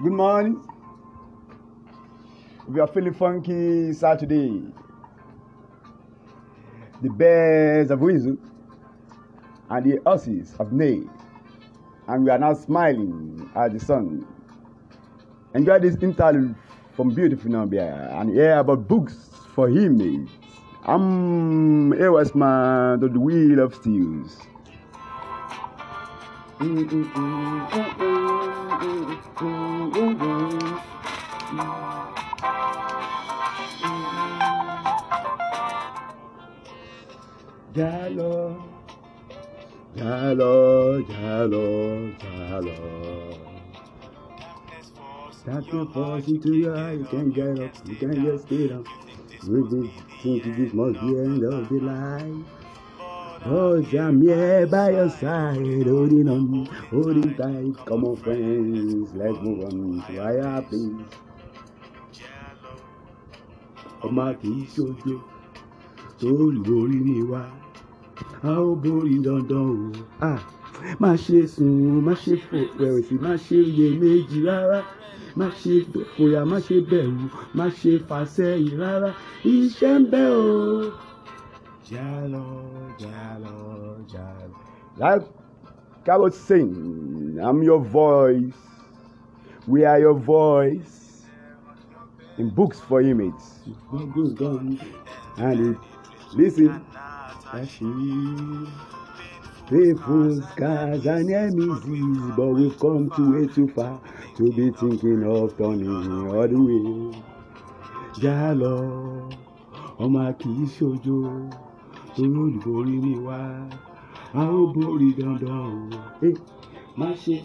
Good morning. We are feeling funky Saturday. The bears have risen, and the horses have neighed, and we are now smiling at the sun. Enjoy this interlude from beautiful Nambia and hear about books for him. I'm a Westman to the wheel of steels. Jalo, jalo, jalo, jalo. the falls into your eye. you can't get up, you can't get straight up. With this, this must be end of the life. Oja me by your side, holding on, holding tight. Come on, friends, let's move on to higher things. Ọmọ kì í ṣojo tó lórí ni wá, a ó borí dandan o. Má ṣe sùn o, má ṣe fòwẹ̀sì, má ṣe iyèméjì rárá má ṣe fòyà má ṣe bẹ̀rù má ṣe fàṣẹ́yìn rárá iṣẹ́ ń bẹ o. Jalo, Jalo, Jalo. Like I was saying, I'm your voice. We are your voice. In books for inmates. Books gone. And it, listen. People's scars and enemies, but we've come too way too far to be thinking of turning all the way. Jalo, ọmọ kì í inú ìboríri wa a ó borí dandan o. má ṣe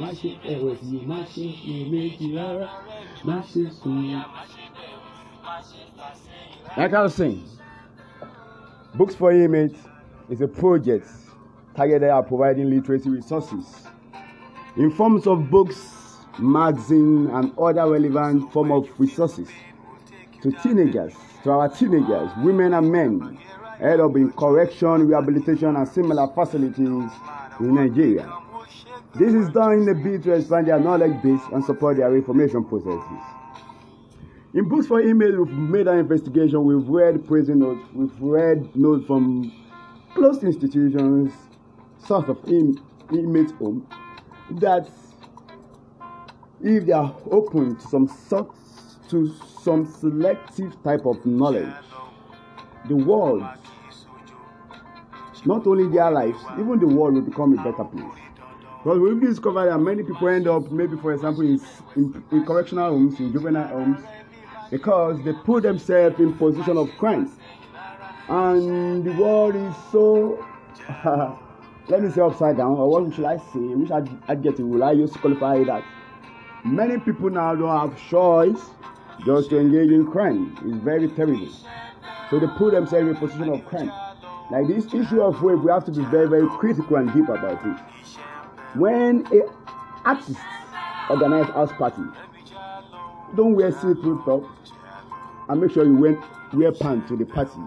má ṣe ẹ̀wẹ̀sì má ṣe iyèméjì rárá má ṣe sùn. Like I was saying, Books for Inmates is a project targeted at providing literacy resources in forms of books, magazine, and other relevant form of resources to teenagers, to our teenagers, women and men head up in correction, rehabilitation, and similar facilities in Nigeria. This is done in the bid to expand their knowledge base and support their information processes. In books for email, we've made an investigation. We've read prison notes. We've read notes from closed institutions south of in, e-, inmates' home that if they are open to some sort to some selective type of knowledge, the world not only their lives, even the world will become a better place. Because we've discovered that many people end up, maybe for example, in, in, in correctional homes, in juvenile homes, because they put themselves in position of crime. And the world is so, uh, let me say upside down, or what should I say? Which adjective will I use to qualify that? Many people now don't have choice just to engage in crime. It's very terrible. So they put themselves in a position of crime. Like this issue of wave, we have to be very, very critical and deep about it. When a artist organize house party, don't wear see-through top and make sure you wear, wear pants to the party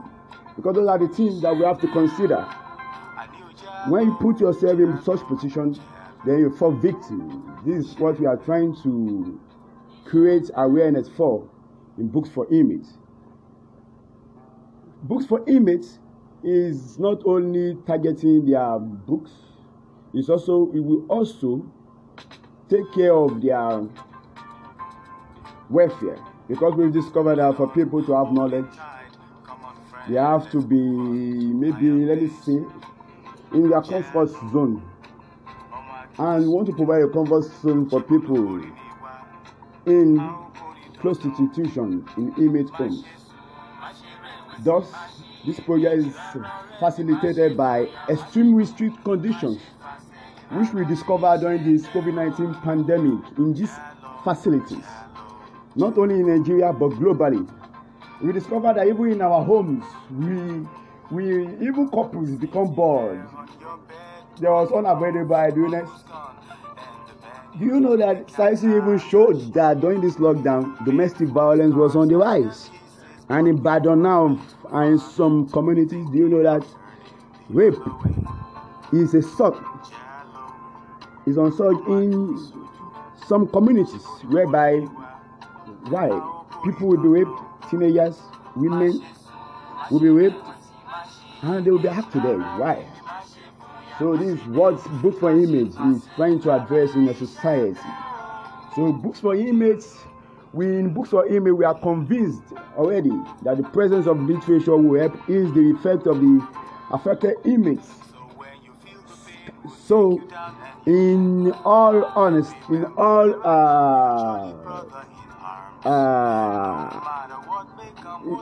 because those are the things that we have to consider. When you put yourself in such position, then you fall victim. This is what we are trying to create awareness for in Books for image. Books for image. is not only targeting their books, it's also it will also take care of their welfare because we've discovered that for people to have knowledge, they have to be maybe let me see in their comfort zone, and we want to provide a comfort zone for people in close institutions, in image homes. Thus, This project is facilitated by extremely strict conditions, which we discovered during this COVID 19 pandemic in these facilities, not only in Nigeria but globally. We discovered that even in our homes, we, we even couples become bored. There was unavoidable idleness. Do you know that science even showed that during this lockdown, domestic violence was on the rise? And in Badon now, and some communities, do you know that rape is a sub is on such in some communities whereby why people will be raped, teenagers, women will be raped, and they will be after them. Why? So this words, what Book for Image is trying to address in a society. So Books for Image We in books or email, we are convinced already that the presence of literature will help ease the effect of the affected image. So, in all honest, in all uh, uh,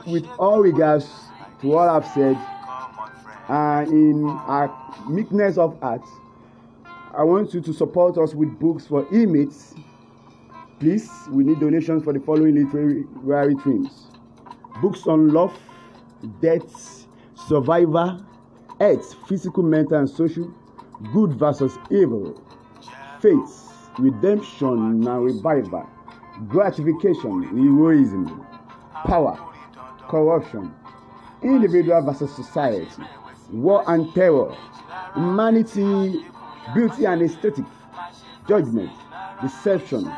with all regards to what I've said, and in our meekness of heart, I want you to support us with books for inmates. Please, we need donations for the following literary themes books on love, death, survivor, health, physical, mental, and social, good versus evil, faith, redemption, and revival, gratification, heroism, power, corruption, individual versus society, war and terror, humanity, beauty and aesthetic, judgment, deception.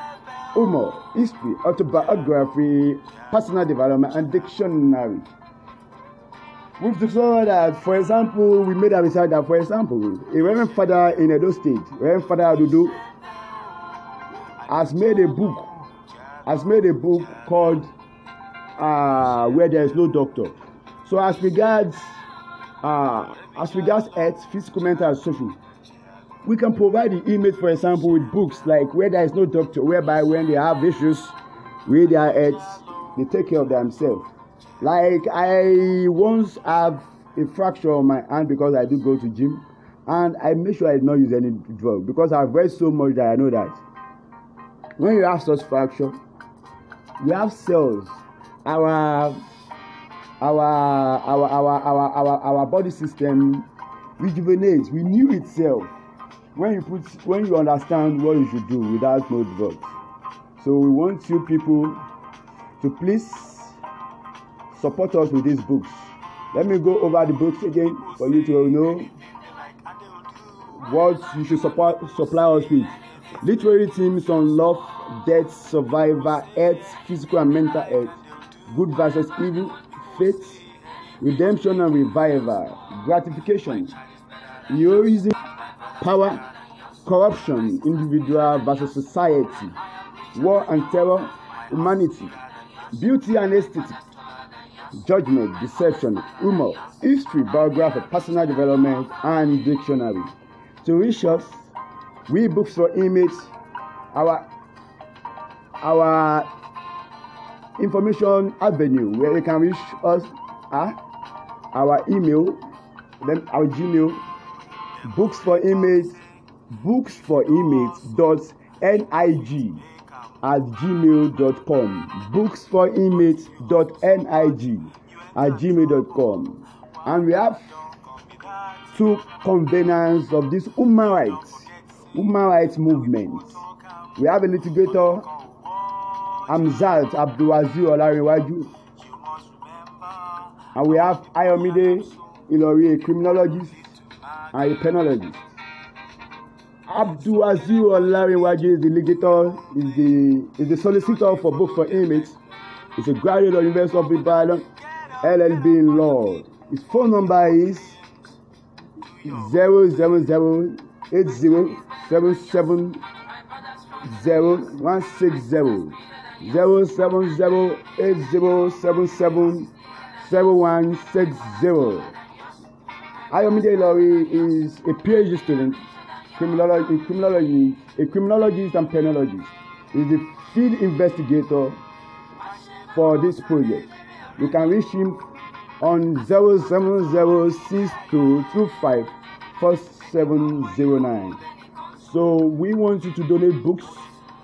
Umar, History, Autobiography, Personal Development, and Dictionary. We've discovered that, for example, we made a result that, for example, a Reverend Father in Edo State, Reverend Father Adudu, has made a book, has made a book called uh, Where There Is No Doctor. So, as regards, uh, as regards Earth, physical, mental, and social, We can provide the image, for example, with books like where there is no doctor, whereby when they have issues with their heads, they take care of themselves. Like I once have a fracture on my hand because I do go to gym, and I make sure I do not use any drug because I've read so much that I know that when you have such fracture, we have cells, our our our our our our, our body system rejuvenates, renew itself when you put when you understand what you should do without notebook so we want you people to please support us with these books let me go over the books again for you to know what you should support supply us with literary themes on love death survivor, health physical and mental health good versus evil faith redemption and revival gratification heroism power, corruption, individual versus society, war and terror, humanity, beauty and aesthetic, judgment, deception, humor, history, biography, personal development, and dictionary. To reach us, we books for image, our our information avenue where you can reach us at ah, our email, then our Gmail books for image books for image dot nig at gmail dot com books for image dot nig at gmail dot com and we have two conveners of this human rights human rights movement we have a litigator amzat abdulwazir olariwaju and we have ayomide ilori a criminologist Hypenology. Abdul Aziz Olarinwaji is the ligator, is the is the solicitor for Book for image. He's a graduate of University of Ibadan, LLB in law. His phone number is zero zero zero eight zero seven seven zero one six zero zero seven zero eight zero seven seven seven one six zero. Ayomide Ilori is a PhD student, criminology, criminology, a criminologist and penologist. He's the field investigator for this project. You can reach him on 07062254709. So we want you to donate books.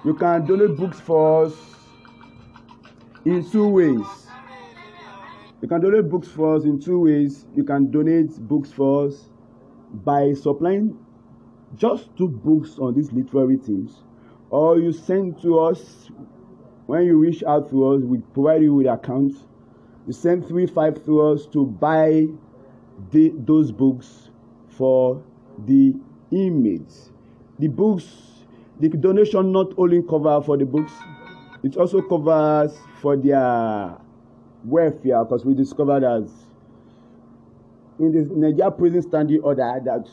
You can donate books for us in two ways. You can donate books for us in two ways. You can donate books for us by supplying just two books on these literary teams, or you send to us when you reach out to us, we provide you with accounts. You send three five to us to buy the, those books for the inmates. The books, the donation not only cover for the books, it also covers for their welfare because we discovered as in the Nigeria prison standing order that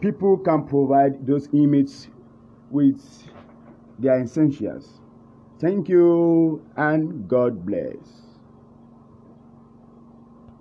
people can provide those inmates with their essentials. Thank you and God bless.